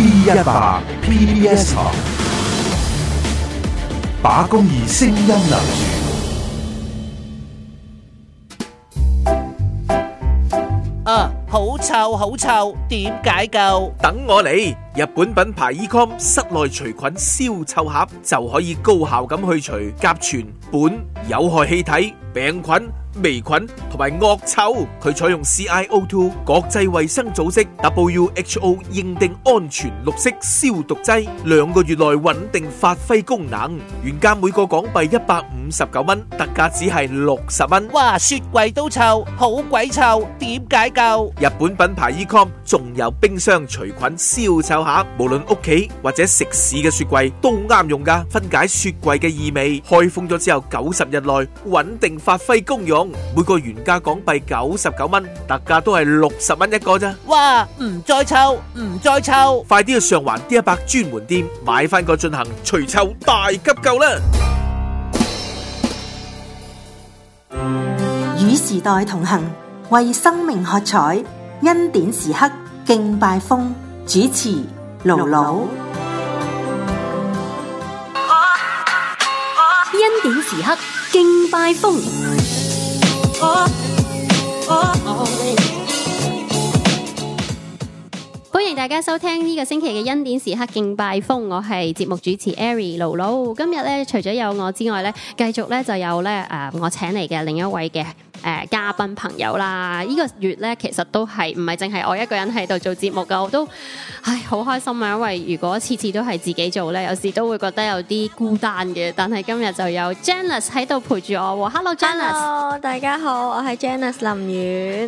P 一百 PBS 台，把公義聲音留住。啊，好臭，好臭，點解救？等我嚟！日本品牌 Ecom 室內除菌消臭盒就可以高效咁去除甲醛、苯有害氣體、病菌。微菌同埋惡臭，佢採用 CIO2，國際衛生組織 WHO 認定安全綠色消毒劑，兩個月內穩定發揮功能。原價每個港幣一百五十九蚊，特價只係六十蚊。哇！雪櫃都臭，好鬼臭，點解救？日本品牌 Ecom 仲有冰箱除菌消臭盒，無論屋企或者食肆嘅雪櫃都啱用㗎，分解雪櫃嘅異味。開封咗之後，九十日內穩定發揮功用。每個原價港幣九十九蚊，特價都係六十蚊一個啫。哇！唔再臭，唔再臭，快啲去上環啲一百專門店買翻個進行除臭大急救啦！與時代同行，為生命喝彩，恩典時刻敬拜風主持盧魯，恩典時刻敬拜風。歡迎大家收聽呢個星期嘅恩典時刻敬拜風，我係節目主持 Ari 露露。今日咧除咗有我之外咧，繼續咧就有咧誒、呃，我請嚟嘅另一位嘅。誒，嘉賓朋友啦，呢個月咧，其實都係唔係淨係我一個人喺度做節目噶，我都唉好開心啊！因為如果次次都係自己做咧，有時都會覺得有啲孤單嘅。但係今日就有 Janice 喺度陪住我，Hello Janice，大家好，我係 Janice 林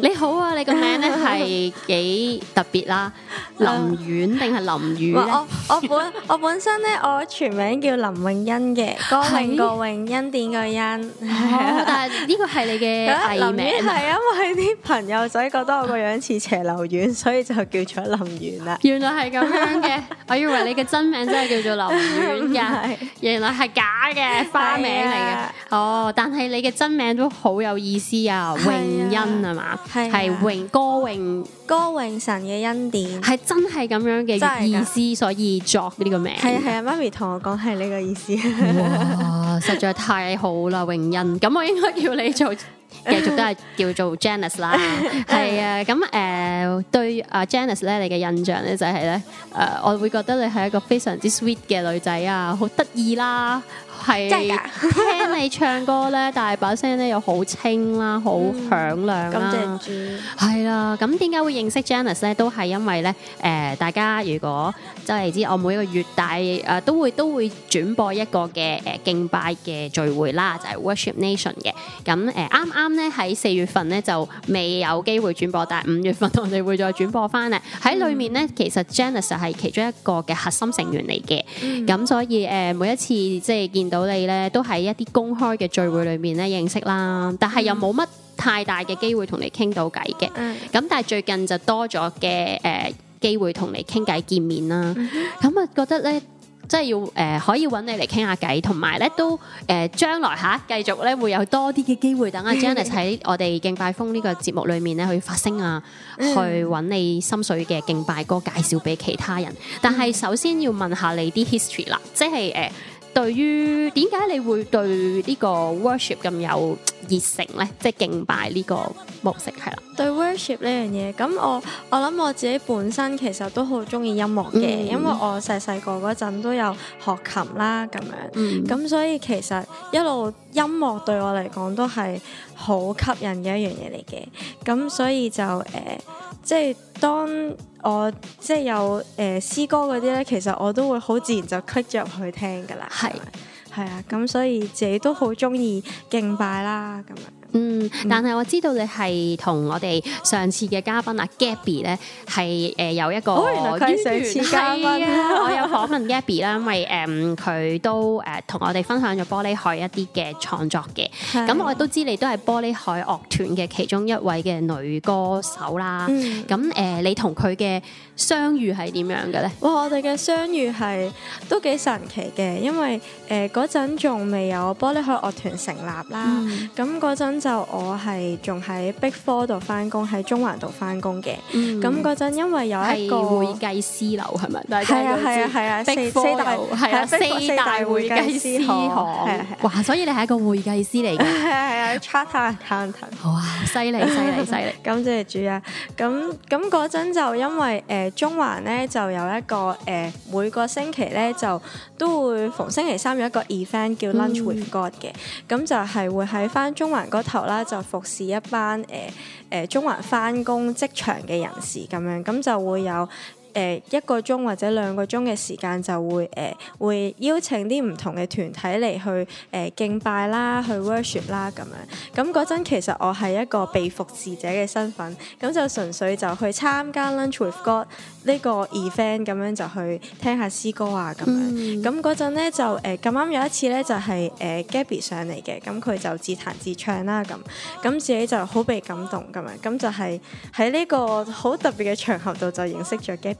遠。你好啊，你個名咧係幾特別啦？林遠定係林遠咧？我我本我本身咧，我全名叫林詠欣嘅，歌詠個詠，欣點個欣？哦，但係呢個係你嘅。係名係啊，因為啲朋友仔覺得我個樣似斜流丸，所以就叫做林丸啦。原來係咁樣嘅，我以為你嘅真名真係叫做流丸嘅，原來係假嘅花名嚟嘅。哦，但係你嘅真名都好有意思啊！榮恩係嘛？係榮歌、榮歌、榮神嘅恩典，係真係咁樣嘅意思，所以作呢個名。係係啊，媽咪同我講係呢個意思。哇，實在太好啦！榮恩，咁我應該叫你做。繼續都係叫做 Janice 啦，係 啊，咁誒、呃、對啊 Janice 咧，你嘅印象咧就係、是、咧，誒、呃、我會覺得你係一個非常之 sweet 嘅女仔啊，好得意啦～係是真係，聽你唱歌咧， 大把聲咧又好清啦，好響亮啦。係、嗯、感謝主。係啦，咁點解會認識 Janice 咧？都係因為咧，誒、呃、大家如果就係知，我每個月大誒、呃、都會都會轉播一個嘅誒、呃、敬拜嘅聚會啦，就係、是、Worship Nation 嘅。咁誒啱啱咧喺四月份咧就未有機會轉播，但係五月份我哋會再轉播翻嚟，喺裏面咧、嗯、其實 Janice 係其中一個嘅核心成員嚟嘅，咁、嗯、所以誒、呃、每一次即係見到。我哋咧都喺一啲公開嘅聚會裏面咧認識啦，但係又冇乜太大嘅機會同你傾到偈嘅。咁、嗯、但係最近就多咗嘅誒機會同你傾偈見面啦。咁啊、嗯、覺得咧，即係要誒、呃、可以揾你嚟傾下偈，同埋咧都誒將、呃、來吓繼、啊、續咧會有多啲嘅機會等阿、啊、Janice 喺、嗯、我哋敬拜風呢個節目裏面咧去發聲啊，嗯、去揾你心水嘅敬拜歌介紹俾其他人。但係首先要問下你啲 history 啦，即係誒。呃呃呃對於點解你會對呢個 worship 咁有熱誠呢？即、就、係、是、敬拜呢個模式係啦。對 worship 呢樣嘢，咁我我諗我自己本身其實都好中意音樂嘅，嗯、因為我細細個嗰陣都有學琴啦咁樣，咁、嗯、所以其實一路音樂對我嚟講都係好吸引嘅一樣嘢嚟嘅。咁所以就誒、呃，即係當。我即係有誒、呃、詩歌嗰啲咧，其實我都會好自然就 click 咗入去聽㗎啦。係係是啊，咁所以自己都好中意敬拜啦咁樣。嗯，但係我知道你係同我哋上次嘅嘉賓啊 Gabby 咧，係誒、呃、有一個淵源，係啊， 我有訪問 Gabby 啦，因為誒佢、呃、都誒同、呃、我哋分享咗玻璃海一啲嘅創作嘅，咁的我都知你都係玻璃海樂團嘅其中一位嘅女歌手啦，咁誒、嗯呃、你同佢嘅相遇係點樣嘅咧？哇！我哋嘅相遇係都幾神奇嘅，因為誒嗰陣仲未有玻璃海樂團成立啦。咁嗰陣就我係仲喺 Big Four 度翻工，喺中環度翻工嘅。咁嗰陣因為有一個會計師樓係咪？係啊，係啊 Big Four 樓係啊，四大會計師行。哇！所以你係一個會計師嚟嘅。c h 探好啊，犀利，犀利，犀利。咁謝 謝主啊，咁咁嗰陣就因為誒、呃、中環咧就有一個誒、呃、每個星期咧就都會逢星期三有一個 event 叫 Lunch with God 嘅，咁、嗯、就係會喺翻中環嗰頭啦，就服侍一班誒誒中環返工職場嘅人士咁樣，咁就會有。誒、呃、一個鐘或者兩個鐘嘅時間就會誒、呃、會邀請啲唔同嘅團體嚟去誒、呃、敬拜啦，去 worship 啦咁樣，咁嗰陣其實我係一個被服侍者嘅身份，咁就純粹就去參加 lunch with God 呢個 event 咁樣就去聽下詩歌啊咁樣，咁嗰陣咧就誒咁啱有一次咧就係、是、誒、呃、Gabby 上嚟嘅，咁佢就自彈自唱啦咁，咁自己就好被感動咁樣，咁就係喺呢個好特別嘅場合度就認識咗 Gabby。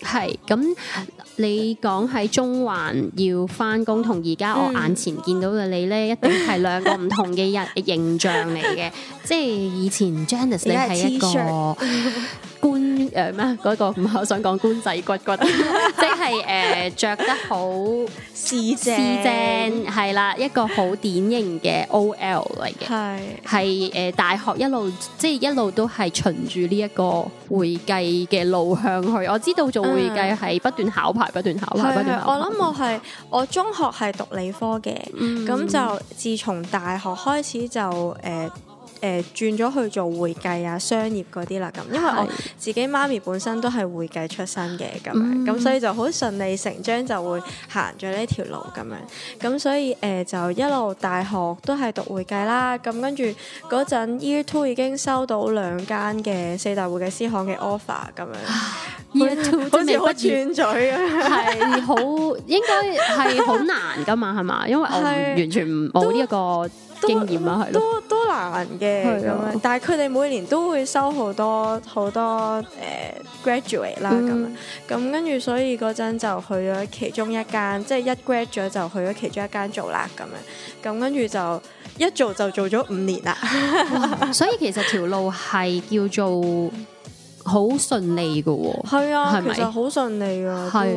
係咁，你講喺中環要返工，同而家我眼前見到嘅你咧，嗯、一定係兩個唔同嘅人嘅形象嚟嘅。 即係以前 Janice 你係一個官誒咩個唔係我想講官仔骨骨 即，即係誒着得好四 正係啦，一個好典型嘅 OL 嚟嘅。係係誒大學一路即係一路都係循住呢一個會計嘅路向去。我知道做。會計係不斷考牌，不斷考牌，的不斷考牌。我諗我係，我中學係讀理科嘅，咁、嗯、就自從大學開始就誒。呃誒、呃、轉咗去做會計啊、商業嗰啲啦咁，因為我自己媽咪本身都係會計出身嘅咁，咁、嗯、所以就好順理成章就會行咗呢條路咁樣。咁所以誒、呃、就一路大學都係讀會計啦。咁跟住嗰陣 U2 已經收到兩間嘅四大會計師行嘅 offer 咁樣。U2 好似好串嘴啊，係好 應該係好難㗎嘛係嘛？ 因為我完全冇呢一個都。經驗啦，係都都難嘅咁。的但係佢哋每年都會收好多好多誒、呃、graduate 啦咁、嗯。咁跟住，所以嗰陣就去咗其中一間，即、就、係、是、一 grad 咗就去咗其中一間做啦咁樣。咁跟住就一做就做咗五年啦。哇 所以其實條路係叫做好順利㗎喎。係啊，其實好順利㗎係。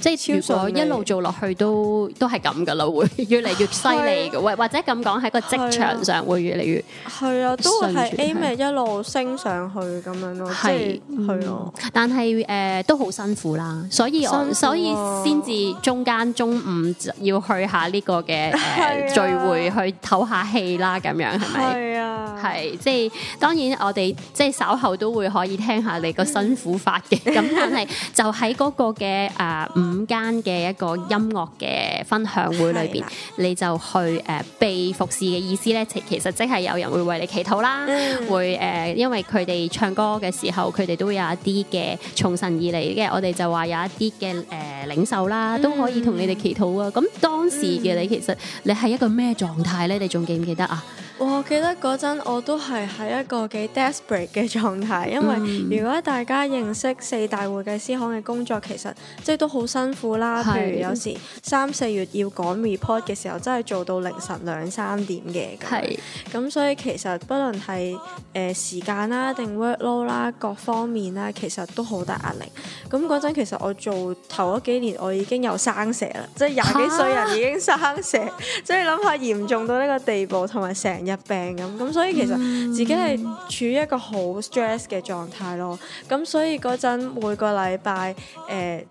即係如果一路做落去都都係咁噶啦，會越嚟越犀利嘅，或或者咁講喺個職場上會越嚟越係啊，都係 A 咪一路升上去咁樣咯。係係啊，但係誒都好辛苦啦，所以所以先至中間中午要去下呢個嘅誒聚會去唞下氣啦，咁樣係咪？係啊，係，即係當然我哋即係稍後都會可以聽下你個辛苦法嘅，咁但係就喺嗰個嘅誒。五間嘅一個音樂嘅分享會裏邊，的你就去誒、呃、被服侍嘅意思咧，其其實即係有人會為你祈禱啦，嗯、會誒、呃、因為佢哋唱歌嘅時候，佢哋都會有一啲嘅從神而嚟嘅，我哋就話有一啲嘅誒領袖啦，都可以同你哋祈禱啊。咁、嗯、當時嘅你，其實你係一個咩狀態咧？你仲記唔記得啊？我記得嗰陣我都係喺一個幾 desperate 嘅狀態，因為如果大家認識四大會計師行嘅工作，其實即係都好辛苦啦。是譬如有時三四月要趕 report 嘅時候，真係做到凌晨兩三點嘅。係，咁是所以其實不論係誒時間啦，定 workload 啦，各方面啦，其實都好大壓力。咁嗰陣其實我做頭幾年，我已經有生蛇啦，即係廿幾歲人已經生蛇，即係諗下嚴重到呢個地步，同埋成。入病咁，咁所以其實自己係處於一個好 stress 嘅狀態咯。咁所以嗰陣每個禮拜誒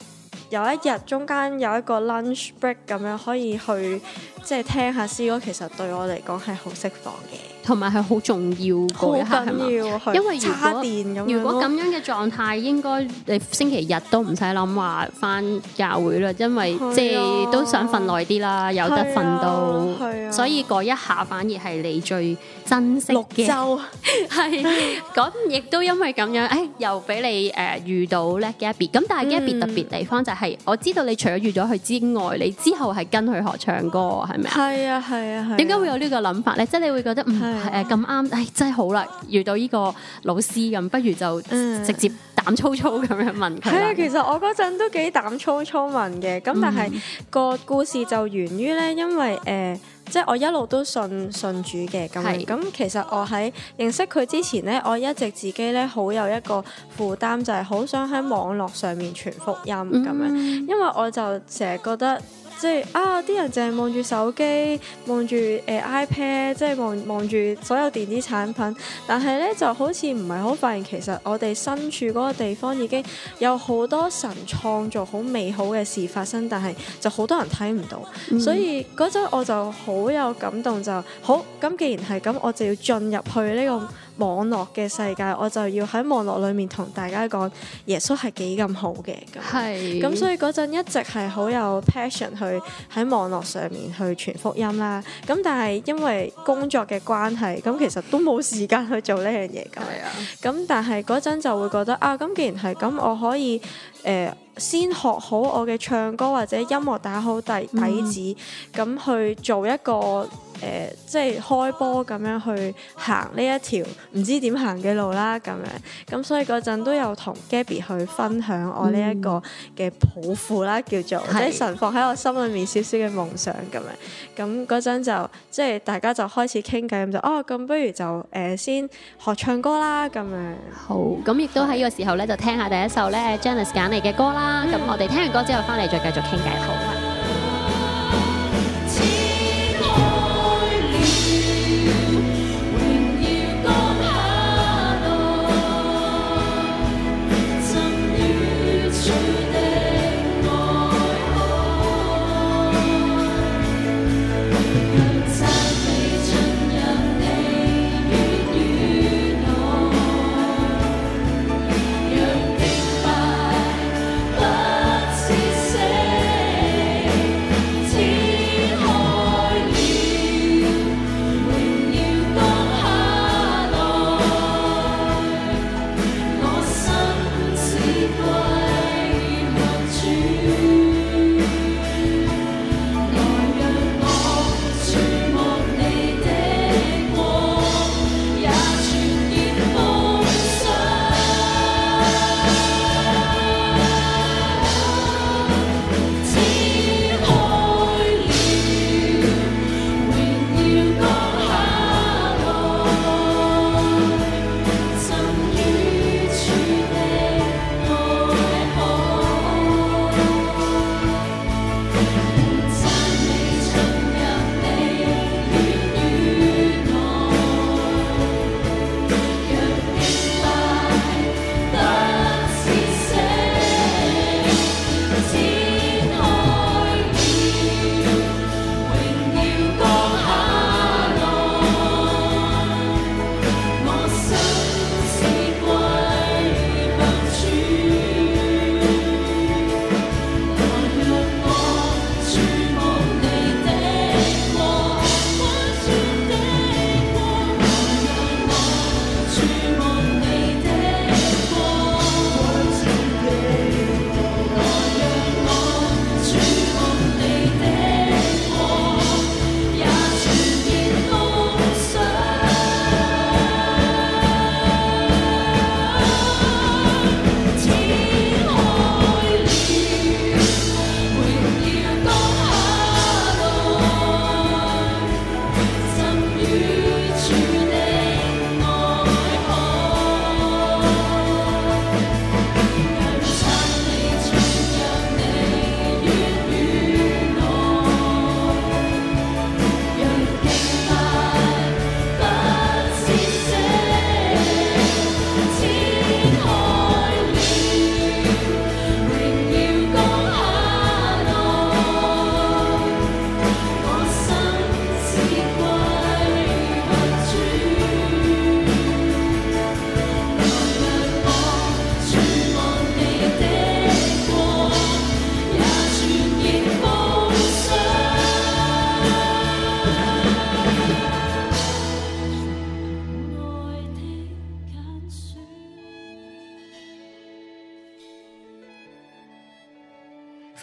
有一日，中間有一個 lunch break 咁樣，可以去。即係聽下詩歌，其實對我嚟講係好釋放嘅，同埋係好重要嗰一下，係咪？是是是因為差電咁樣。如果咁樣嘅狀態，應該你星期日都唔使諗話返教會啦，因為、啊、即係都想瞓耐啲啦，有得瞓到，啊啊、所以嗰一下反而係你最珍惜嘅。就係咁，亦 都 因為咁樣，誒、哎，又俾你誒、呃、遇到咧 Gabby。咁但係 Gabby 特別地方就係、是、嗯、我知道你除咗遇咗佢之外，你之後係跟佢學唱歌係啊係啊係！點解、啊、會有呢個諗法咧？即、就、係、是、你會覺得唔誒咁啱，誒、嗯啊、真係好啦，遇到呢個老師咁，不如就直接膽粗粗咁樣問佢。係啊，其實我嗰陣都幾膽粗粗的問嘅，咁但係、嗯、個故事就源於咧，因為誒、呃，即係我一路都信信主嘅咁咁，其實我喺認識佢之前咧，我一直自己咧好有一個負擔，就係、是、好想喺網絡上面傳福音咁、嗯、樣，因為我就成日覺得。即係、就是、啊！啲人淨係望住手機，望住誒 iPad，即係望望住所有電子產品。但係咧，就好似唔係好發現，其實我哋身處嗰個地方已經有好多神創造好美好嘅事發生，但係就好多人睇唔到。嗯、所以嗰陣我就好有感動，就好咁。既然係咁，我就要進入去呢、這個網絡嘅世界，我就要喺網絡裏面同大家講耶穌係幾咁好嘅咁。咁是所以嗰陣一直係好有 passion 去喺網絡上面去傳福音啦。咁但係因為工作嘅關係，咁其實都冇時間去做呢樣嘢咁。啊、但係嗰陣就會覺得啊，咁既然係咁，我可以誒、呃、先學好我嘅唱歌或者音樂打好底底子，咁、嗯、去做一個。誒、呃，即係開波咁樣去行呢一條唔知點行嘅路啦，咁樣咁所以嗰陣都有同 Gabby 去分享我呢一個嘅抱負啦，叫做、嗯、即係存放喺我心裏面少少嘅夢想咁樣。咁嗰陣就即係大家就開始傾偈咁就哦，咁不如就誒、呃、先學唱歌啦咁樣。好，咁亦都喺呢個時候咧就聽下第一首咧 Janice 揀嚟嘅歌啦。咁、嗯、我哋聽完歌之後翻嚟再繼續傾偈，好。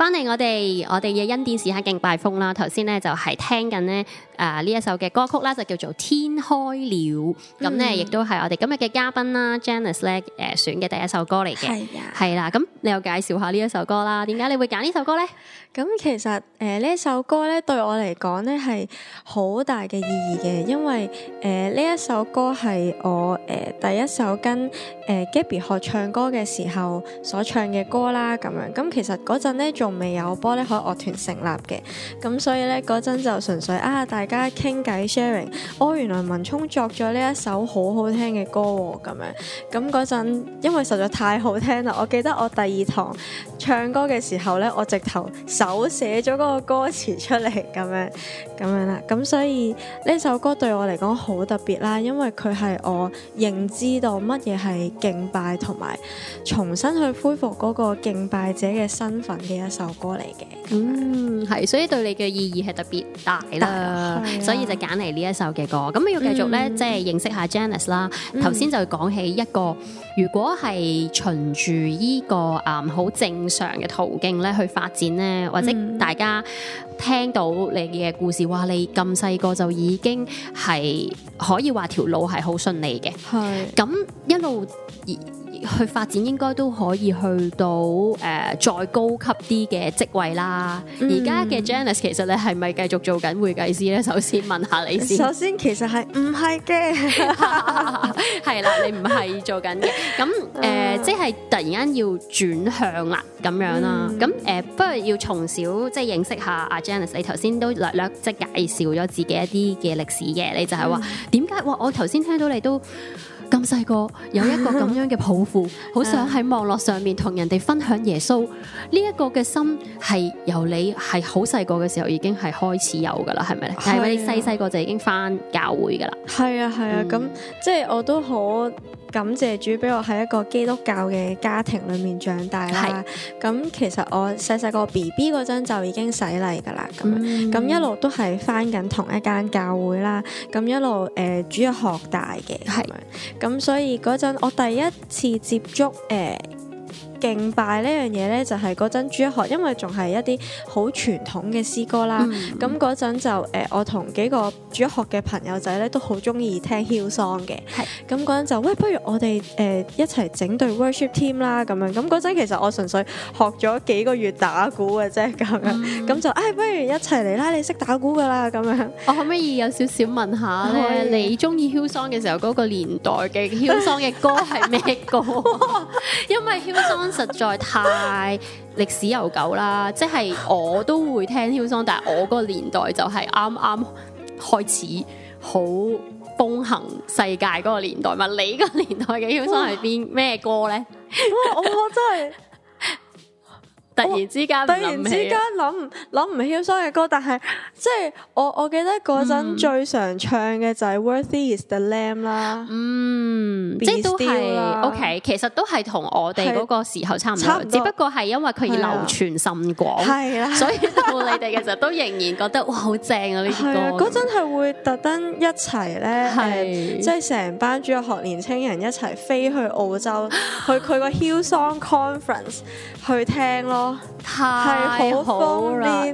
翻嚟我哋，我哋嘅恩典時刻勁拜風啦，頭先咧就係聽緊咧。啊！呢一首嘅歌曲啦、啊，就叫做《天開了》。咁咧、嗯嗯，亦都係我哋今日嘅嘉賓啦、啊、Janice 咧、啊、誒選嘅第一首歌嚟嘅。係是啊，啊，係啦。咁你又介紹下呢一首歌啦？點解你會揀呢首歌咧？咁、嗯、其實誒呢、呃、一首歌咧，對我嚟講咧係好大嘅意義嘅，因為誒呢、呃、一首歌係我誒、呃、第一首跟誒、呃、Gabby 學唱歌嘅時候所唱嘅歌啦。咁樣咁、嗯、其實嗰陣咧仲未有玻璃海樂團成立嘅，咁所以咧嗰陣就純粹啊，啊大家。家傾偈 sharing，哦，原來文聰作咗呢一首好好聽嘅歌喎、啊，咁樣咁嗰陣，因為實在太好聽啦。我記得我第二堂唱歌嘅時候呢，我直頭手寫咗嗰個歌詞出嚟，咁樣咁樣啦。咁所以呢首歌對我嚟講好特別啦，因為佢係我認知到乜嘢係敬拜，同埋重新去恢復嗰個敬拜者嘅身份嘅一首歌嚟嘅。嗯，係，所以對你嘅意義係特別大啦。大對啊、所以就揀嚟呢一首嘅歌，咁你要繼續咧，嗯、即係認識下 Janice 啦。頭先、嗯、就講起一個，如果係循住依、這個誒好、嗯、正常嘅途徑咧去發展咧，嗯、或者大家聽到你嘅故事，話你咁細個就已經係可以話條路係好順利嘅，係咁是的 一路。去發展應該都可以去到誒、呃、再高級啲嘅職位啦。而家嘅 Janice 其實你係咪繼續做緊會計師咧？首先問下你先。首先其實係唔係嘅，係 啦，你唔係做緊嘅。咁誒， 即、呃、係、就是、突然間要轉向啦，咁樣啦。咁誒、嗯呃，不如要從小即係、就是、認識下阿、啊、Janice。你頭先都略略即係介紹咗自己一啲嘅歷史嘅。你就係話點解？哇！我頭先聽到你都。咁細個有一個咁樣嘅抱負，好 想喺網絡上面同人哋分享耶穌呢一個嘅心，係由你係好細個嘅時候已經係開始有噶啦，係咪？係咪是、啊、你細細個就已經翻教會噶啦？係啊係啊、嗯，咁即係我都好感謝主，俾我喺一個基督教嘅家庭裏面長大啦。咁是、啊、其實我細細個 B B 嗰陣就已經洗禮噶啦，咁咁、嗯、一路都係翻緊同一間教會啦。咁一路誒、呃、主要學大嘅係。咁所以嗰陣我第一次接觸誒、Uh 敬拜呢樣嘢呢，就係嗰陣主一學，因為仲係一啲好傳統嘅詩歌啦。咁嗰陣就誒、呃，我同幾個主一學嘅朋友仔呢，都好中意聽 Hillsong 嘅。咁嗰陣就喂，不如我哋誒、呃、一齊整隊 worship team 啦、啊，咁樣。咁嗰陣其實我純粹學咗幾個月打鼓嘅啫，咁樣。咁、嗯、就唉、哎，不如一齊嚟啦，你識打鼓噶啦，咁樣。我可唔可以有少少問下咧？可可啊、你中意 Hillsong 嘅時候嗰、那個年代嘅 Hillsong 嘅歌係咩歌？ 因為 Hillsong。實在太歷史悠久啦， 即係我都會聽蕭邦，但係我嗰個年代就係啱啱開始好風行世界嗰個年代嘛。你嗰個年代嘅蕭邦係邊咩歌呢？哇！我，我真係～ 突然之間，突然之間諗唔，諗唔係喬桑嘅歌，但係即係我我記得嗰陣最常唱嘅就係 Worthy Is The Lamb 啦，嗯，即係都係 OK，其實都係同我哋個時候差唔多，只不過係因為佢而流傳甚廣，係啦，所以到你哋嘅時候都仍然覺得哇好正啊！呢啲歌嗰陣係會特登一齊咧，係即係成班中學年青人一齊飛去澳洲去佢個喬桑 conference 去聽咯。太好啦！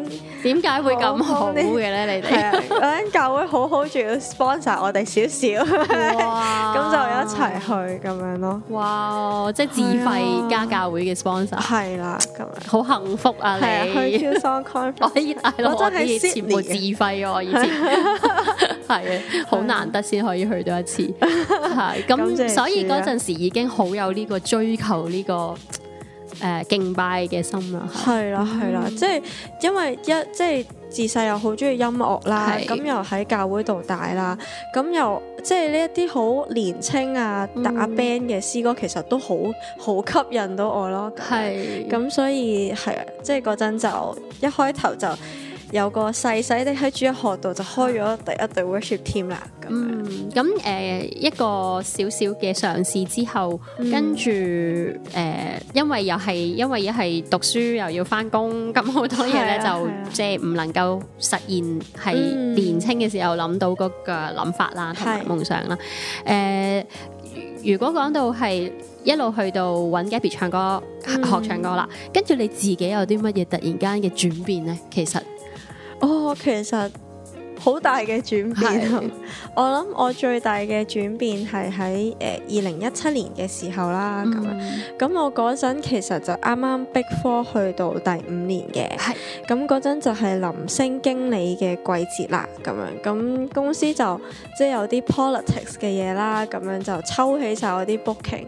點解會咁好嘅咧？你哋喺教會好好，仲要 sponsor 我哋少少，咁就一齊去咁樣咯。哇！即係自費加教會嘅 sponsor，係啦，咁樣好幸福啊！你去 Song Conference，我以前我真係黐年嘅，自費我以前係啊，好難得先可以去到一次，係咁，所以嗰陣時已經好有呢個追求呢個。誒、呃、敬拜嘅心啦，係啦係啦，即係因為一即係自細又好中意音樂啦，咁的又喺教會度大啦，咁又即係呢一啲好年青啊打 band 嘅詩歌，其實都好好吸引到我咯，係咁的、嗯、所以係啊，即係嗰陣就一開頭就。有個細細的喺中一學度就開咗第一隊 worship team 啦。嗯，咁誒吧、嗯呃、一個小小嘅嘗試之後，嗯、跟住誒、呃，因為又係因為一係讀書又要翻工，咁好多嘢咧、啊、就即係唔能夠實現，係年青嘅時候諗到嗰個諗法啦，同埋、嗯、夢想啦。誒、呃，如果講到係一路去到搵 Gabby 唱歌、嗯、學唱歌啦，跟住你自己有啲乜嘢突然間嘅轉變咧？其實。哦，其實好大嘅轉變。 我諗我最大嘅轉變係喺誒二零一七年嘅時候啦，咁、嗯、樣咁、嗯、我嗰陣其實就啱啱 Big Four 去到第五年嘅，咁嗰陣就係臨升經理嘅季節啦，咁樣咁公司就即係、就是、有啲 politics 嘅嘢啦，咁樣就抽起晒我啲 booking，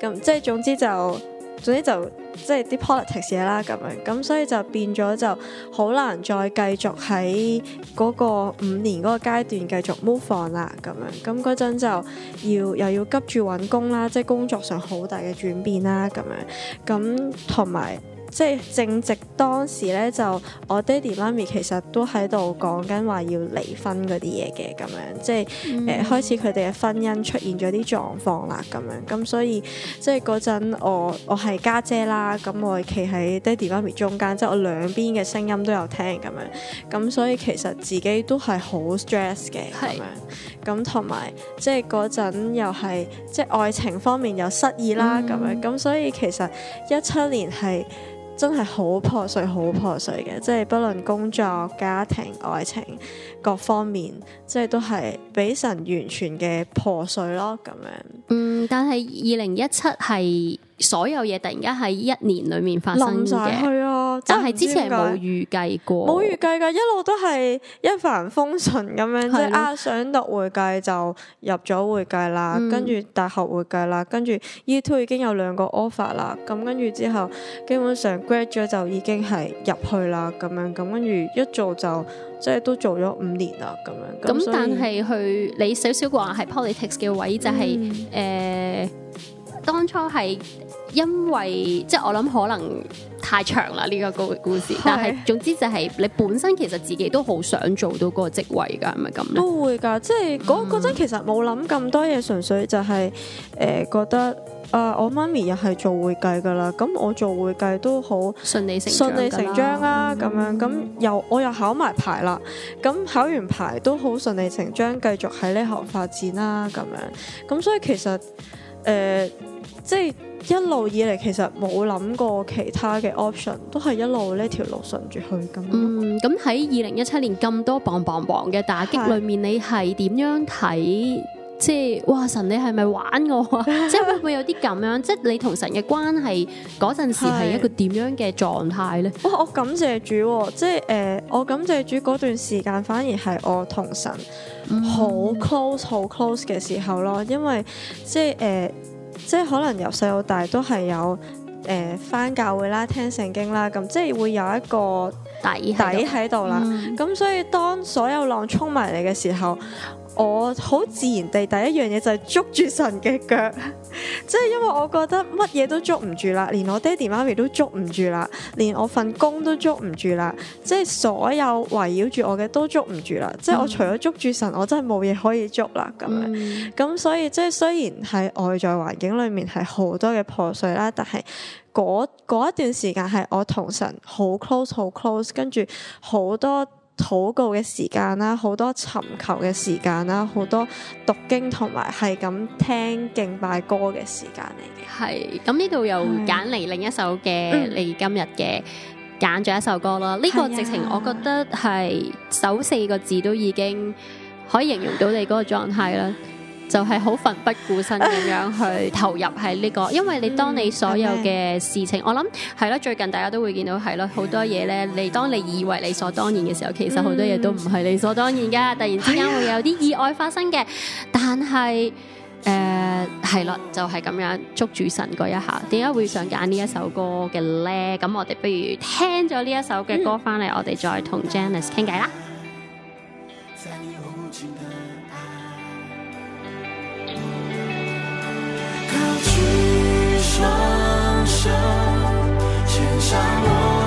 咁即係總之就。總之就即係啲 politics 嘢啦，咁樣咁所以就變咗就好難再繼續喺嗰個五年嗰個階段繼續 move on 啦，咁樣咁嗰陣就要又要急住揾工啦，即係工作上好大嘅轉變啦，咁樣咁同埋。即係正值當時咧，就我爹哋媽咪其實都喺度講緊話要離婚嗰啲嘢嘅咁樣，即係誒、嗯呃、開始佢哋嘅婚姻出現咗啲狀況啦咁樣，咁所以即係嗰陣我我係家姐，姐啦，咁我企喺爹哋媽咪中間，即、就、係、是、我兩邊嘅聲音都有聽咁樣，咁所以其實自己都係好 stress 嘅咁是樣，咁同埋即係嗰陣又係即係愛情方面又失意啦咁、嗯、樣，咁所以其實一七年係。真係好破碎，好破碎嘅，即係不論工作、家庭、愛情各方面，即係都係俾神完全嘅破碎咯，咁樣。嗯，但係二零一七係。所有嘢突然間喺一年裡面發生晒係啊，但係之前冇預計過，冇預計㗎，一路都係一帆風順咁樣，是的 即係啊，想讀會計就入咗會計啦，跟住、嗯、大學會計啦，跟住 E Two 已經有兩個 offer 啦，咁跟住之後基本上 graduated 就已經係入去啦，咁樣咁跟住一做就即係都做咗五年啦，咁樣咁。嗯、樣但係去你少少話係 politics 嘅位就係、是、誒。嗯呃當初係因為即係我諗可能太長啦呢個個故事，是但係總之就係你本身其實自己都好想做到嗰個職位噶，係咪咁咧？都會噶，即係嗰嗰陣其實冇諗咁多嘢，純粹就係、是、誒、呃、覺得啊，我媽咪又係做會計噶啦，咁我做會計都好順理成順理成章啦、啊。咁、嗯、樣咁又我又考埋牌啦，咁考完牌都好順理成章，繼續喺呢行發展啦、啊。咁樣咁所以其實誒。呃即係一路以嚟，其實冇諗過其他嘅 option，都係一路呢條路順住去咁。嗯，咁喺二零一七年咁多棒棒棒嘅打擊裏面，是你係點樣睇？即係哇神你是是，你係咪玩我啊？即係會唔會有啲咁樣？ 即係你同神嘅關係嗰陣時係一個點樣嘅狀態咧？我我感謝主，即係誒，我感謝主嗰、哦呃、段時間，反而係我同神好 close 好、嗯嗯、close 嘅時候咯，因為即係誒。呃即係可能由細到大都係有誒翻、呃、教會啦、聽聖經啦，咁即係會有一個底底喺度啦。咁、嗯、所以當所有浪沖埋嚟嘅時候，我好自然地第一樣嘢就係捉住神嘅腳，即係因為我覺得乜嘢都捉唔住啦，連我爹哋媽咪都捉唔住啦，連我份工都捉唔住啦，即係所有圍繞住我嘅都捉唔住啦，即係我除咗捉住神，我真係冇嘢可以捉啦。咁樣，嗯，咁所以即係雖然喺外在環境裏面係好多嘅破碎啦，但係嗰嗰一段時間係我同神好 close 好 close，跟住好多。禱告嘅時間啦，好多尋求嘅時間啦，好多讀經同埋係咁聽敬拜歌嘅時間嚟嘅。係咁呢度又揀嚟，另一首嘅，是你今日嘅揀咗一首歌啦。呢、這個直情我覺得係首四個字都已經可以形容到你嗰個狀態啦。的 就係好奮不顧身咁樣去投入喺呢個，因為你當你所有嘅事情，嗯、我諗係咯，最近大家都會見到係咯，好多嘢咧，你當你以為理所當然嘅時候，其實好多嘢都唔係理所當然㗎，突然之間會有啲意外發生嘅。哎、呀但係誒係咯，就係咁樣捉住神嗰一下。點解會想揀呢一首歌嘅咧？咁我哋不如聽咗呢一首嘅歌返嚟，我哋再同 Janice 傾偈啦。舉雙手，牽上我。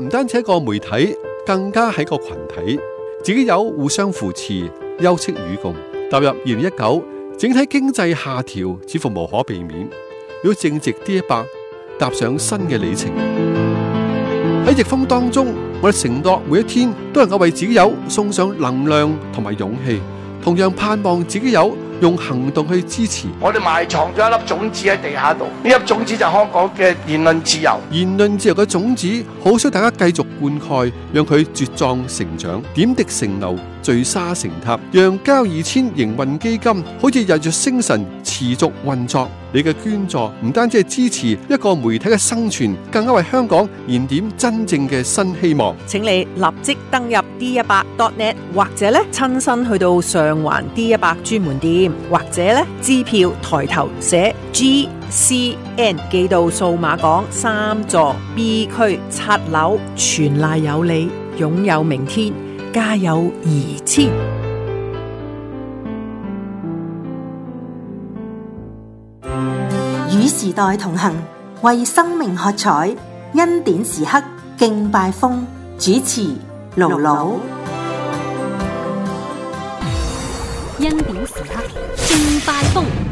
唔單止一個媒體，更加係個群體，自己有互相扶持、休戚與共。踏入二零一九，整體經濟下調似乎無可避免。如果正值 D 一百，踏上新嘅里程。喺逆風當中，我哋承諾，每一天都能夠為自己有送上能量同埋勇氣。同樣盼望自己有。用行動去支持，我哋埋藏咗一粒種子喺地下度，呢粒種子就係香港嘅言論自由。言論自由嘅種子，好想大家繼續灌溉，讓佢茁壯成長，點滴成流。聚沙成塔，讓交二千營運基金，好似日月星辰持續運作。你嘅捐助唔單止係支持一個媒體嘅生存，更加為香港燃點真正嘅新希望。請你立即登入 D 一百 dot net，或者咧親身去到上環 D 一百專門店，或者咧支票抬頭寫 G C N，寄到數碼港三座 B 區七樓，全賴有你，擁有明天。家有二千與時代同行，為生命喝彩。恩典時刻，敬拜風主持，盧盧。恩典時刻，敬拜風。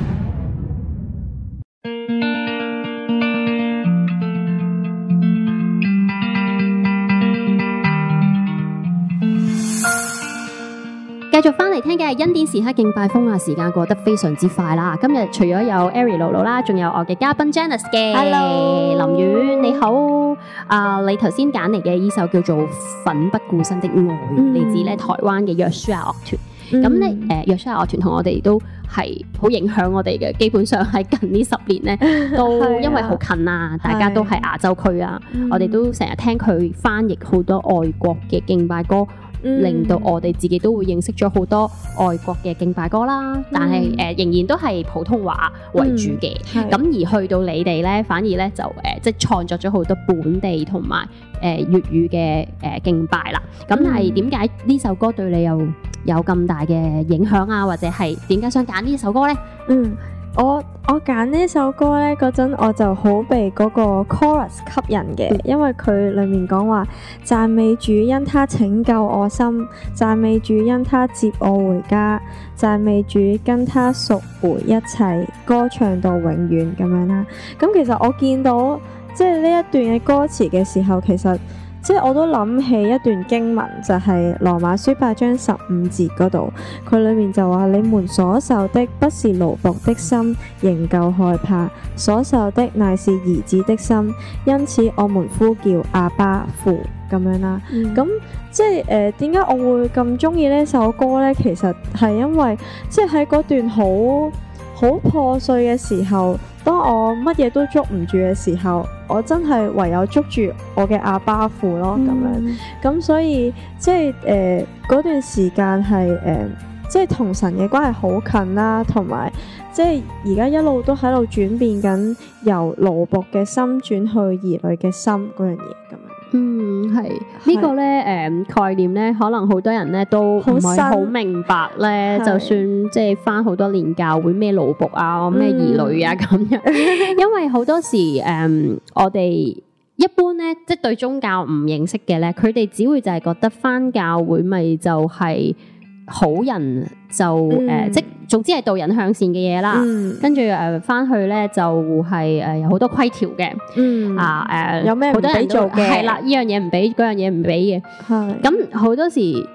繼續翻嚟聽嘅係恩典時刻敬拜風啊，時間過得非常之快啦。今日除咗有 Eric 露露啦，仲有我嘅嘉賓 Janice 嘅。Hello，林遠你好。啊，你頭先揀嚟嘅呢首叫做《奮不顧身的愛》，嚟、嗯、自咧台灣嘅約書亞樂團。咁咧、嗯，誒，約書亞樂團同我哋都係好影響我哋嘅。基本上喺近呢十年咧，都因為好近啊，啊大家都係亞洲區啊，啊是我哋都成日聽佢翻譯好多外國嘅敬拜歌。令到我哋自己都會認識咗好多外國嘅敬拜歌啦，但係誒、呃、仍然都係普通話為主嘅。咁、嗯、而去到你哋呢，反而呢就誒即係創作咗好多本地同埋誒粵語嘅誒、呃、敬拜啦。咁但係點解呢首歌對你又有咁大嘅影響啊？或者係點解想揀呢首歌呢？嗯。我我揀呢首歌呢，嗰陣我就好被嗰個 chorus 吸引嘅，因為佢裏面講話讚美主因他拯救我心，讚美主因他接我回家，讚美主跟他贖回一切，歌唱到永遠咁樣啦。咁其實我見到即係呢一段嘅歌詞嘅時候，其實。即係我都諗起一段經文，就係、是《羅馬書》八章十五節嗰度，佢裏面就話：嗯、你們所受的不是奴僕的心，仍舊害怕；所受的乃是兒子的心，因此我們呼叫阿爸父咁樣啦。咁、嗯、即係誒點解我會咁中意呢首歌呢？其實係因為即係喺嗰段好。好破碎嘅時候，當我乜嘢都捉唔住嘅時候，我真係唯有捉住我嘅阿爸父咯，咁樣咁、嗯、所以即係誒、呃、嗰段時間係誒即係同神嘅關係好近啦，同埋即係而家一路都喺度轉變緊由蘿卜嘅心轉去兒女嘅心樣樣嘢咁。嗯，係、這個、呢個咧，誒、呃、概念咧，可能好多人咧都唔係好明白咧。是就算即係返好多年教會咩勞僕啊，咩兒女啊咁樣， 因為好多時誒、呃，我哋一般咧，即、就、係、是、對宗教唔認識嘅咧，佢哋只會就係覺得返教會咪就係、是。好人就誒、嗯呃，即係總之係導人向善嘅嘢啦。嗯、跟住誒，翻、呃、去咧就係、是、誒、呃、有好多規條嘅，啊誒、嗯，呃、有咩唔俾做嘅係啦，呢樣嘢唔俾，嗰樣嘢唔俾嘅。咁好多時。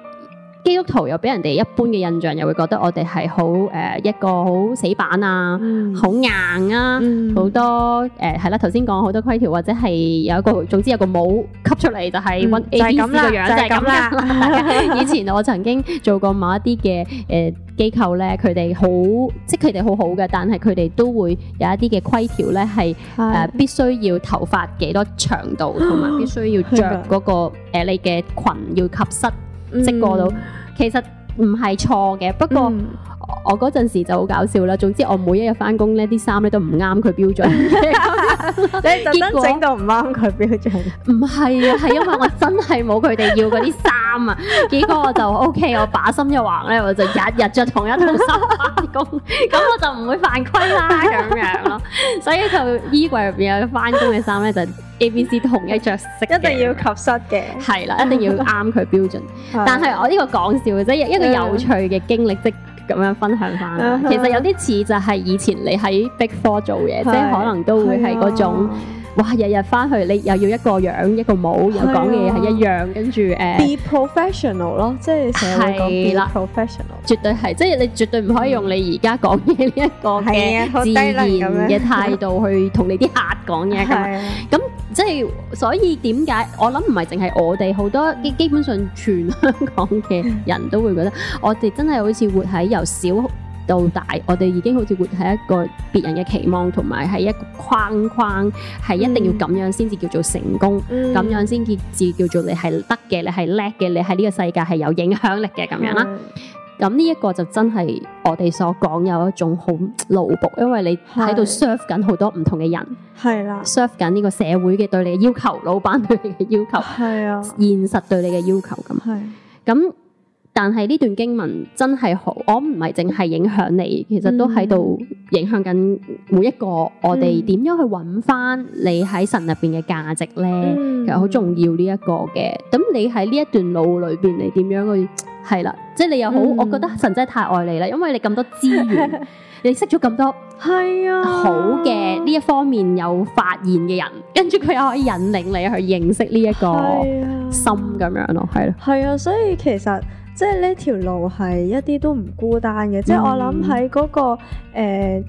基督徒又俾人哋一般嘅印象，又會覺得我哋係好誒一個好死板啊，好硬啊，好多誒係啦，頭先講好多規條，或者係有一個總之有個帽吸出嚟就係温 A B C 咁樣，就係咁啦。以前我曾經做過某一啲嘅誒機構咧，佢哋好即係佢哋好好嘅，但係佢哋都會有一啲嘅規條咧，係誒必須要頭髮幾多長度，同埋必須要著嗰個誒你嘅裙要及膝。識過到，嗯、其實唔係錯嘅，不過、嗯。我嗰陣時就好搞笑啦，總之我每一日翻工咧，啲衫咧都唔啱佢標準， 結果你特登整到唔啱佢標準。唔係啊，係 因為我真係冇佢哋要嗰啲衫啊，結果我就 O、OK, K，我把心一橫咧，我就日日着同一套衫翻工，咁 我就唔會犯規啦咁樣咯。所以就衣櫃入邊有翻工嘅衫咧，就 A B C 同一着色一， 一定要及膝嘅，係啦，一定要啱佢標準。 但係我呢個講笑嘅，啫，一個有趣嘅經歷即。咁樣分享返，uh, 其實有啲似就係以前你喺 Big Four 做嘢，是即可能都會係嗰種。哇！日日翻去，你又要一個樣一個模，又講嘢係一樣，了跟住誒。Uh, be professional 咯，即係成日會講嘢 professional，絕對係，即係你絕對唔可以用你而家講嘢呢一個嘅自然嘅態度去同你啲客講嘢咁。即係所以點解我諗唔係淨係我哋好多基基本上全香港嘅人都會覺得，我哋真係好似活喺由小。到大，我哋已經好似活喺一個別人嘅期望，同埋喺一個框框，係一定要咁樣先至叫做成功，咁樣先至叫做你係得嘅，你係叻嘅，你喺呢個世界係有影響力嘅咁樣啦。咁呢一個就真係我哋所講有一種好勞碌，因為你喺度 serve 緊好多唔同嘅人，係啦，serve 緊呢個社會嘅對你嘅要求，老闆對你嘅要求，係啊，現實對你嘅要求咁，係咁。但係呢段經文真係好，我唔係淨係影響你，其實都喺度影響緊每一個我哋點樣去揾翻你喺神入邊嘅價值咧，嗯、其實好重要呢一個嘅。咁你喺呢一段路裏邊，你點樣去係啦？即係你又好，嗯、我覺得神真係太愛你啦，因為你咁多資源， 你認識咗咁多係啊好嘅呢一方面有發現嘅人，跟住佢又可以引領你去認識呢一個心咁樣咯，係咯的，係啊，所以其實。即係呢條路係一啲都唔孤單嘅，嗯、即係我諗喺嗰個、呃、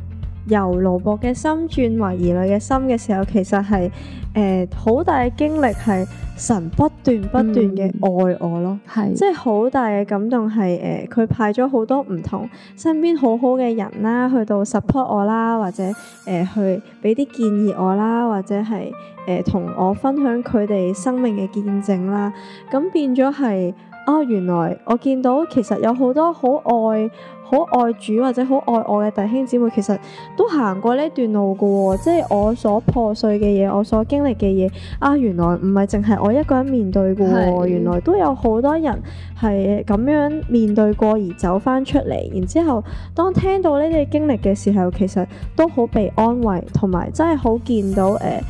由奴僕嘅心轉為兒女嘅心嘅時候，其實係誒好大嘅經歷，係神不斷不斷嘅愛我咯，係、嗯、即係好大嘅感動，係誒佢派咗好多唔同身邊好好嘅人啦，去到 support 我啦，或者誒、呃、去俾啲建議我啦，或者係誒同我分享佢哋生命嘅見證啦，咁變咗係。啊、哦，原來我見到其實有好多好愛、好愛主或者好愛我嘅弟兄姊妹，其實都行過呢段路㗎喎、哦。即係我所破碎嘅嘢，我所經歷嘅嘢，啊、哦，原來唔係淨係我一個人面對㗎喎、哦。的原來都有好多人係咁樣面對過而走翻出嚟。然之後，當聽到呢啲經歷嘅時候，其實都好被安慰，同埋真係好見到誒。呃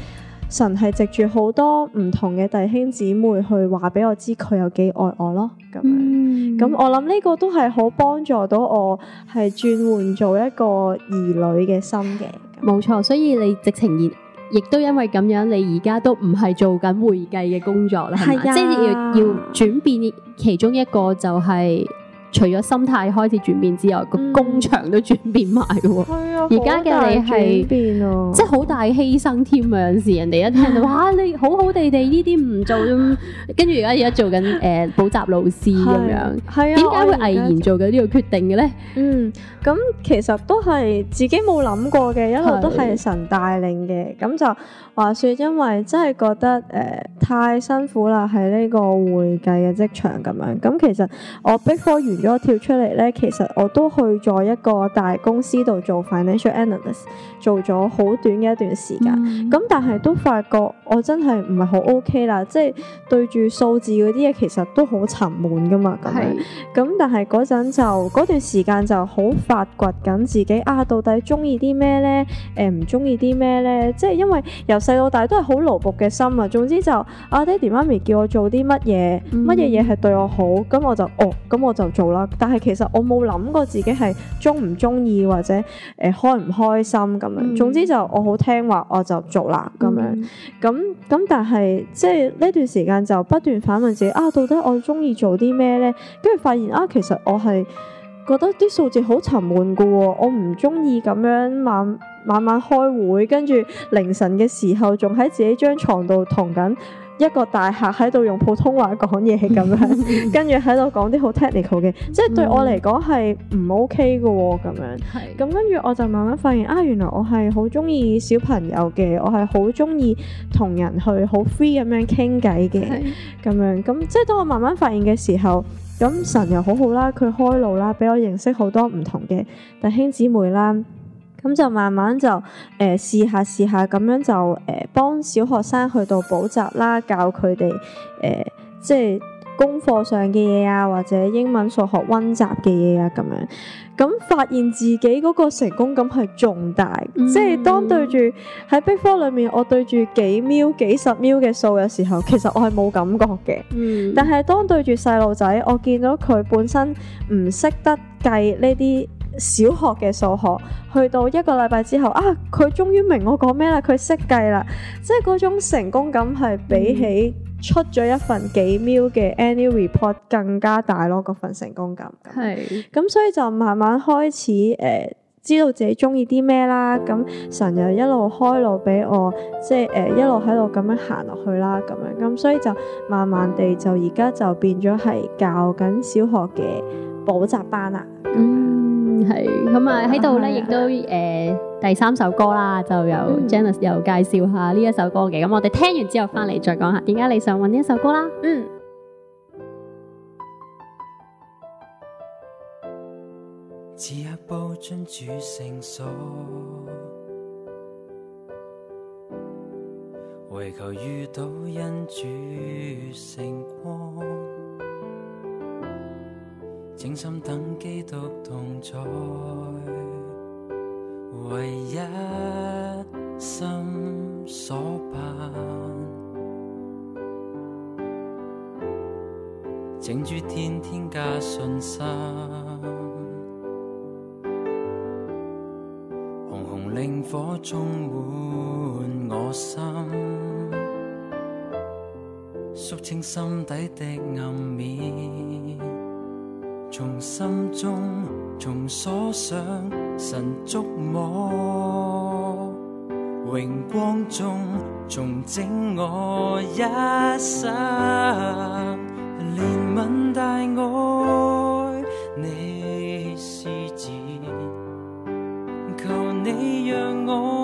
神係藉住好多唔同嘅弟兄姊妹去話俾我知佢有幾愛我咯，咁樣，咁、嗯、我諗呢個都係好幫助到我係轉換做一個兒女嘅心嘅。冇錯，所以你直情亦亦都因為咁樣，你而家都唔係做緊會計嘅工作啦，係嘛是、啊、即係要要轉變其中一個就係、是。除咗心態開始轉變之外，個工場都轉變埋喎。係啊，而家嘅你係變咯，即係好大犧牲添啊！有陣時人哋一聽到，哇，你好好地地呢啲唔做咁，跟住而家而家做緊誒補習老師咁樣，係啊，點解會毅然做緊呢個決定嘅咧？嗯，咁其實都係自己冇諗過嘅，一路都係神帶領嘅。咁就話説，因為真係覺得誒太辛苦啦，喺呢個會計嘅職場咁樣。咁其實我本科完。如果我跳出嚟咧，其實我都去咗一個大公司度做 financial analyst，做咗好短嘅一段時間，咁、嗯、但係都發覺。我真係唔係好 OK 啦，即係對住數字嗰啲嘢其實都好沉悶㗎嘛，咁咁是但係嗰陣就嗰段時間就好發掘緊自己啊，到底中意啲咩呢？誒唔中意啲咩呢？」即係因為由細到大都係好蘿蔔嘅心啊。總之就啊，爹哋媽咪叫我做啲乜嘢，乜嘢嘢係對我好，咁我就哦，咁我就做啦。但係其實我冇諗過自己係中唔中意或者誒、呃、開唔開心咁樣。嗯、總之就我好聽話，我就做啦咁樣咁。咁咁、嗯，但係即係呢段時間就不斷反問自己啊，到底我中意做啲咩呢？」跟住發現啊，其實我係覺得啲數字好沉悶噶、哦，我唔中意咁樣晚晚晚開會，跟住凌晨嘅時候仲喺自己張床度同緊。一個大客喺度用普通話講嘢咁樣，的跟住喺度講啲好 technical 嘅，即係對我嚟講係唔 OK 嘅咁樣。咁跟住我就慢慢發現啊，原來我係好中意小朋友嘅，我係好中意同人去好 free 咁樣傾偈嘅咁樣。咁即係當我慢慢發現嘅時候，咁神又好好啦，佢開路啦，俾我認識好多唔同嘅弟兄姊妹啦。咁、嗯、就慢慢就誒、呃、試下試下咁樣就誒、呃、幫小學生去到補習啦，教佢哋誒即係功課上嘅嘢啊，或者英文數學溫習嘅嘢啊咁樣。咁發現自己嗰個成功感係重大，嗯、即係當對住喺逼科裏面，我對住幾秒、幾十秒嘅數嘅時候，其實我係冇感覺嘅。嗯。但係當對住細路仔，我見到佢本身唔識得計呢啲。小學嘅數學，去到一個禮拜之後，啊，佢終於明我講咩啦，佢識計啦，即係嗰種成功感係比起出咗一份幾秒嘅 annual report 更加大咯，嗰份成功感。係是，咁、嗯、所以就慢慢開始誒、呃，知道自己中意啲咩啦，咁神又一路開路俾我，即係誒、呃、一路喺度咁樣行落去啦，咁樣，咁、嗯、所以就慢慢地就而家就變咗係教緊小學嘅。補習班、嗯、啊，嗯，係咁啊喺度咧，亦都誒第三首歌啦，就由 Janice 又、嗯、介紹下呢一首歌嘅，咁我哋聽完之後翻嚟再講下點解你想揾呢一首歌啦，嗯。此刻、嗯、步進主聖所，為求遇到恩主聖光。靜心等基督同在，唯一心所盼。靜住天天加信心，紅紅靈火充滿我心，掃清心底的暗面。從心中從所想，神觸摸榮光中，重整我一生，憐憫大愛，你施予，求你讓我。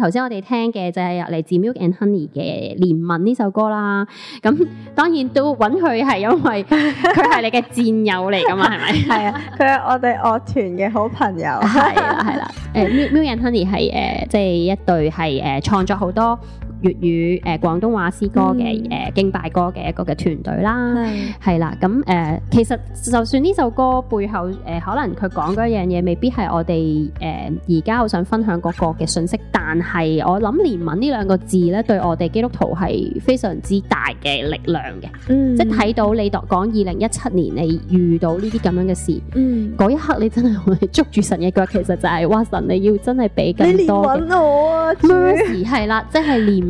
頭先我哋聽嘅就係嚟自 Milk and Honey 嘅《憐憫》呢首歌啦，咁當然都揾佢係因為佢係你嘅戰友嚟㗎嘛，係咪？ 係啊，佢係我哋樂團嘅好朋友，係啦係啦。誒、啊 uh,，Milk and Honey 係誒，uh, 即係一對係誒，uh, 創作好多。粵語誒廣東話詩歌嘅誒敬拜歌嘅一個嘅團隊啦，係係啦，咁誒其實就算呢首歌背後誒可能佢講嗰樣嘢未必係我哋誒而家好想分享嗰個嘅信息，但係我諗憐憫呢兩個字咧對我哋基督徒係非常之大嘅力量嘅，嗯，即係睇到你講二零一七年你遇到呢啲咁樣嘅事，嗯，嗰一刻你真係會捉住神嘅腳，其實就係哇神你要真係俾更多嘅，我主持係啦，即係連。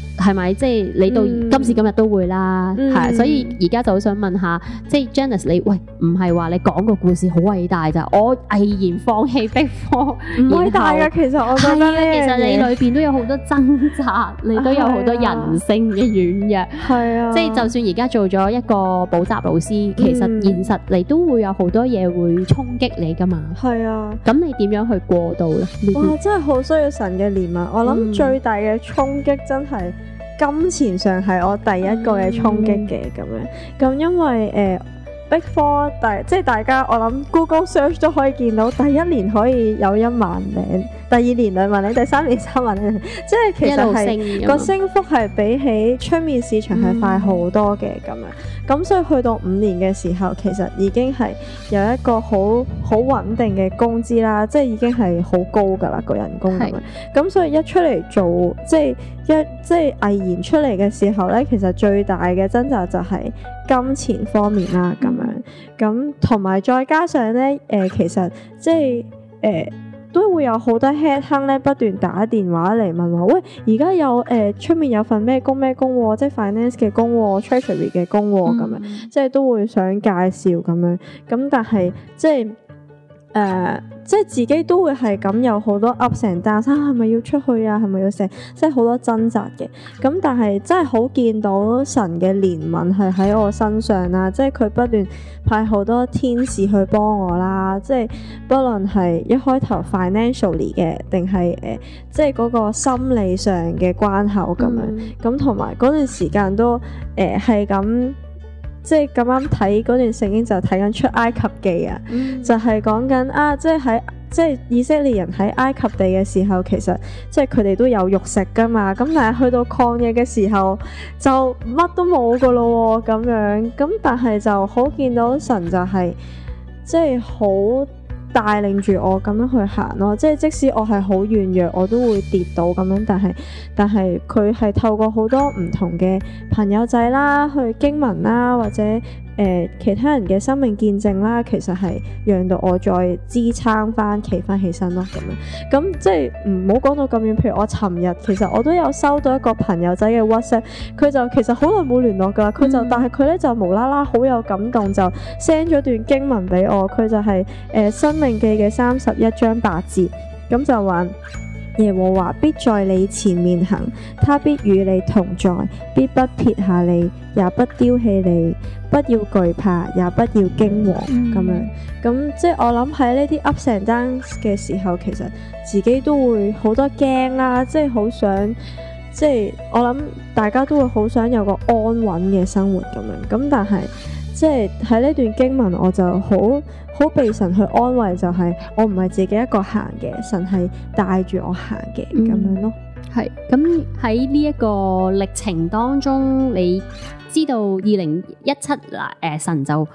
係咪？即係你到今時今日都會啦，係、mm hmm.，所以而家就好想問下，即係 Janice，你喂唔係話你講個故事好偉大咋？我毅然放棄逼科，唔偉大噶，其實我覺得咧、啊，其實你裏邊都有好多掙扎，你都有好多人性嘅軟弱，係 啊，即係就算而家做咗一個補習老師，其實現實你都會有好多嘢會衝擊你噶嘛，係 啊。咁你點樣去過渡咧？哇！真係好需要神嘅憐憫啊！我諗最大嘅衝擊真係。金錢上係我第一個嘅衝擊，嘅咁、嗯、樣，咁因為誒，Big Four 第即係大家我諗 Google search 都可以見到，第一年可以有一萬零，第二年兩萬零，第三年三萬零， 即係其實係個升幅係比起出面市場係快好多嘅咁、嗯、樣。咁所以去到五年嘅時候，其實已經係有一個好好穩定嘅工資啦，即係已經係好高噶啦個人工，咁樣。咁是所以一出嚟做，即係一即係毅然出嚟嘅時候咧，其實最大嘅掙扎就係金錢方面啦，咁樣。咁同埋再加上咧，誒、呃、其實即係誒。呃都會有好多 headhunter 咧，不斷打電話嚟問話，喂，而家有誒出面有份咩工咩工、啊、即係 finance 嘅工，treasury 嘅工咁樣，即係都會想介紹咁樣，咁但係即係。誒，uh, 即係自己都會係咁有好多 up 成但生係咪要出去啊？係咪要成即係好多掙扎嘅？咁但係真係好見到神嘅憐憫係喺我身上啦、啊，即係佢不斷派好多天使去幫我啦、啊，即係不論係一開頭 financially 嘅定係誒，即係嗰個心理上嘅關口咁樣，咁同埋嗰段時間都誒係咁。呃即係咁啱睇嗰段聖經就睇緊出埃及記、嗯、啊，就係講緊啊，即係喺即係以色列人喺埃及地嘅時候，其實即係佢哋都有肉食㗎嘛，咁但係去到曠野嘅時候就乜都冇噶咯喎，咁樣咁但係就好見到神就係即係好。就是帶領住我咁樣去行咯，即係即使我係好軟弱，我都會跌倒咁樣，但係但係佢係透過好多唔同嘅朋友仔啦，去經文啦，或者。誒、呃、其他人嘅生命見證啦，其實係讓到我再支撐翻，企翻起身咯咁樣。咁即係唔好講到咁遠，譬如我尋日其實我都有收到一個朋友仔嘅 WhatsApp，佢就其實好耐冇聯絡噶喇，佢就、嗯、但係佢咧就無啦啦好有感動，就 send 咗段經文俾我，佢就係、是、誒、呃《生命記》嘅三十一章八字咁就話。耶和華必在你前面行，他必與你同在，必不撇下你，也不丟棄你。不要懼怕，也不要驚惶。咁樣，咁、嗯、即係我諗喺呢啲 ups and downs 嘅時候，其實自己都會好多驚啦，即係好想，即係我諗大家都會好想有個安穩嘅生活咁樣，咁但係。但即係喺呢段經文，我就好好被神去安慰，就係我唔係自己一個行嘅，神係帶住我行嘅咁、嗯、樣咯。係咁喺呢一個歷程當中，你知道二零一七啦誒，神就。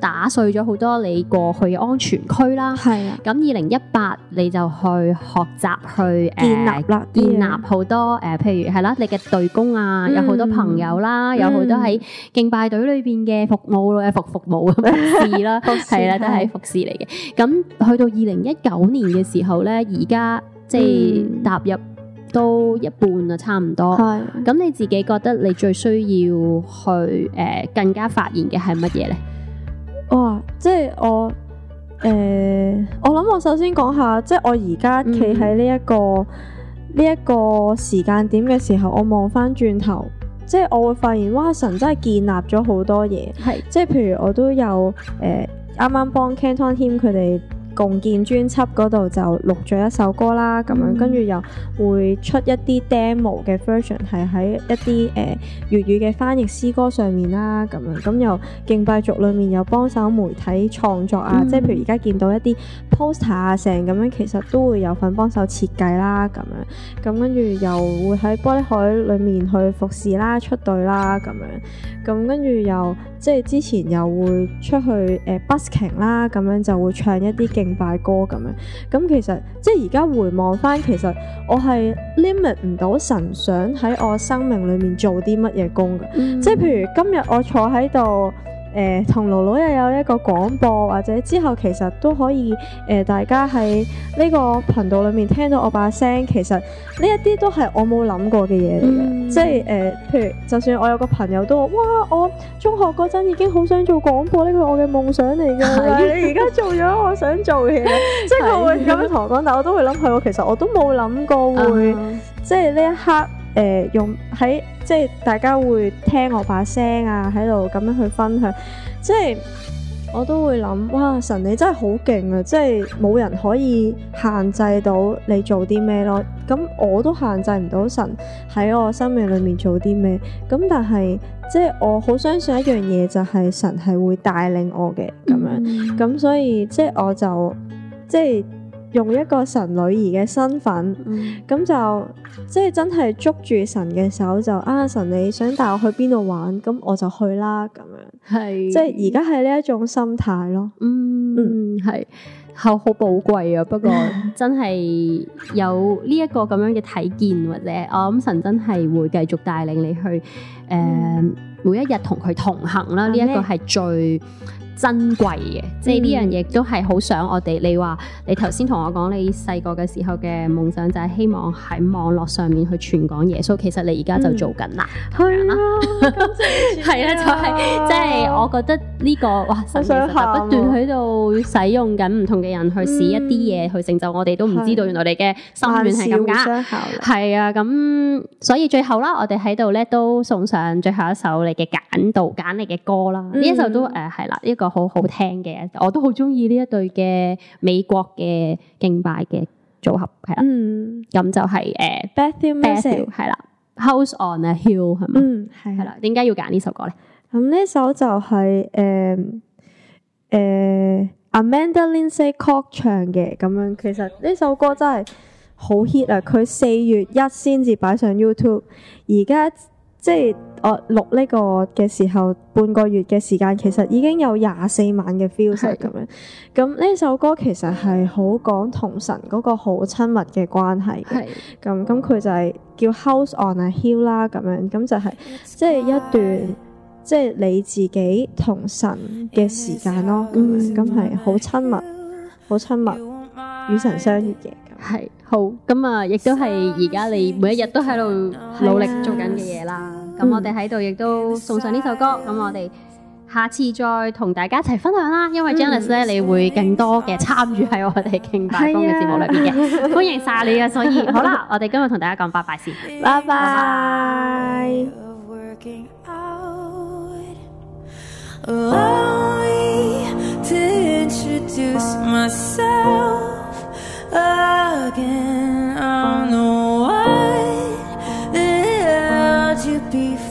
打碎咗好多你過去嘅安全區啦，咁二零一八你就去學習去建立啦，建立好多誒，譬如係啦，你嘅隊工啊，有好多朋友啦，有好多喺敬拜隊裏邊嘅服務嘅服服務嘅服侍啦，係啦，都係服侍嚟嘅。咁去到二零一九年嘅時候咧，而家即係踏入都一半啊，差唔多。係咁，你自己覺得你最需要去誒更加發現嘅係乜嘢咧？哇！即係我誒、呃，我諗我首先講下，即係我而家企喺呢一個呢一、嗯、個時間點嘅時候，我望翻轉頭，即係我會發現哇！神真係建立咗好多嘢，係是即係譬如我都有誒啱啱幫 Canton Team 佢哋。共建專輯嗰度就錄咗一首歌啦，咁樣、嗯、跟住又會出一啲 demo 嘅 version，係喺一啲誒、呃、粵語嘅翻譯詩歌上面啦，咁樣咁又敬拜組裡面又幫手媒體創作啊，嗯、即係譬如而家見到一啲 poster 啊成咁樣，其實都會有份幫手設計啦，咁樣咁跟住又會喺玻璃海裡面去服侍啦、出隊啦，咁樣咁跟住又。即係之前又會出去誒、呃、busking 啦，咁樣就會唱一啲敬拜歌咁樣。咁其實即係而家回望翻，其實我係 limit 唔到神想喺我生命裏面做啲乜嘢工嘅。嗯、即係譬如今日我坐喺度。誒，同盧盧又有一個廣播，或者之後其實都可以誒、呃，大家喺呢個頻道裏面聽到我把聲，其實呢一啲都係我冇諗過嘅嘢嚟嘅。嗯、即係誒、呃，譬如就算我有個朋友都話，哇，我中學嗰陣已經好想做廣播，呢個我嘅夢想嚟嘅。是 你而家做咗我想做嘅。 即係佢會咁樣同我講，但我都會諗佢，我其實我都冇諗過會，嗯、即係呢一刻。誒、呃，用喺即係大家會聽我把聲啊，喺度咁樣去分享，即係我都會諗，哇！神你真係好勁啊，即係冇人可以限制到你做啲咩咯。咁我都限制唔到神喺我生命裏面做啲咩。咁但係即係我好相信一樣嘢，就係神係會帶領我嘅咁樣。咁、嗯、所以即係我就即係。用一個神女兒嘅身份，咁、嗯、就即係真係捉住神嘅手，就，啊神，你想帶我去邊度玩？咁我就去啦咁樣，是即係而家係呢一種心態咯。嗯嗯，係、嗯、好好寶貴啊！不過 真係有呢一個咁樣嘅體見，或者我諗神真係會繼續帶領你去誒、呃嗯、每一日同佢同行啦。呢一、嗯、個係最。 珍貴嘅，即係呢樣嘢都係好想我哋。你話你頭先同我講，你細個嘅時候嘅夢想就係希望喺網絡上面去傳講耶穌。其實你而家就做緊啦，係啊，就係即係我覺得呢個哇，神其實不斷喺度使用緊唔同嘅人去試一啲嘢，去成就我哋都唔知道原來你嘅心願係咁噶，係啊，咁所以最後啦，我哋喺度咧都送上最後一首你嘅簡導簡你嘅歌啦。呢一首都誒係啦，呢個。好好聽嘅，我都好中意呢一隊嘅美國嘅敬拜嘅組合，係啦，嗯，咁就係誒 Bethel Music 係啦，House on a Hill 係咪？嗯係，係啦，點解要揀呢首歌咧？咁呢、嗯、首就係誒誒，Amanda Lindsey Cook 唱嘅，咁樣其實呢首歌真係好 hit 啊！佢四月一先至擺上 YouTube，而家即係。嗯我錄呢個嘅時候，半個月嘅時間，其實已經有廿四萬嘅 feel 咁樣。咁呢首歌其實係好講同神嗰個好親密嘅關係係咁咁，佢的就係叫 House on a Hill 啦，咁樣咁就係即係一段即係、就是、你自己同神嘅時間咯。咁係好親密，好親密，與神相遇嘅。係好咁啊！亦都係而家你每一日都喺度努力做緊嘅嘢啦。的 咁我哋喺度亦都送上呢首歌，咁、嗯嗯、我哋下次再同大家一齊分享啦。因為 Janice 咧，你會更多嘅參與喺我哋傾罷工嘅節目裏邊嘅，歡迎晒你啊！所以好啦， 我哋今日同大家講拜拜先，拜拜。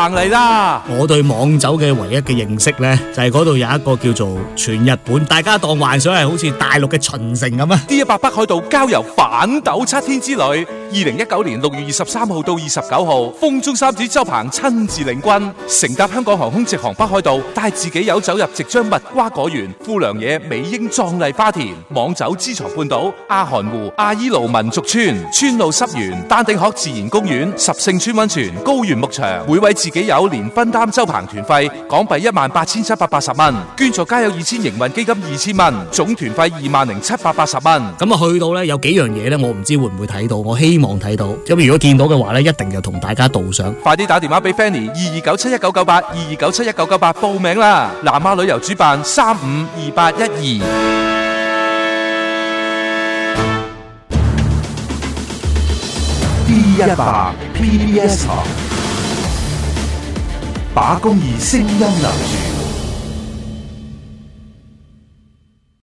行嚟啦！我對網走嘅唯一嘅認識呢，就係嗰度有一個叫做全日本，大家當幻想係好似大陸嘅秦城咁啊！D100 北海道郊遊反斗七天之旅，二零一九年六月二十三號到二十九號，風中三子周鵬親自領軍，乘搭香港航空直航北海道，帶自己友走入夕張蜜瓜果園、富良野美瑛壯麗花田、網走知床半島、阿寒湖、阿伊奴民族村、釧路濕原、丹頂鶴自然公園、十勝川温泉、高原牧場，每位自自己有年分擔周鵬團費港幣一萬八千七百八十蚊，捐助加有二千營運基金，二千蚊，總團費二萬零七百八十蚊。咁啊，去到呢，有幾樣嘢呢？我唔知會唔會睇到，我希望睇到。咁如果見到嘅話呢，一定就同大家道上。 快啲打電話俾 Fanny 二二九七一九九八二二九七一九九八報名啦！南亞旅遊主辦三五二八一二 B 一 PBS、啊把公義聲音留住。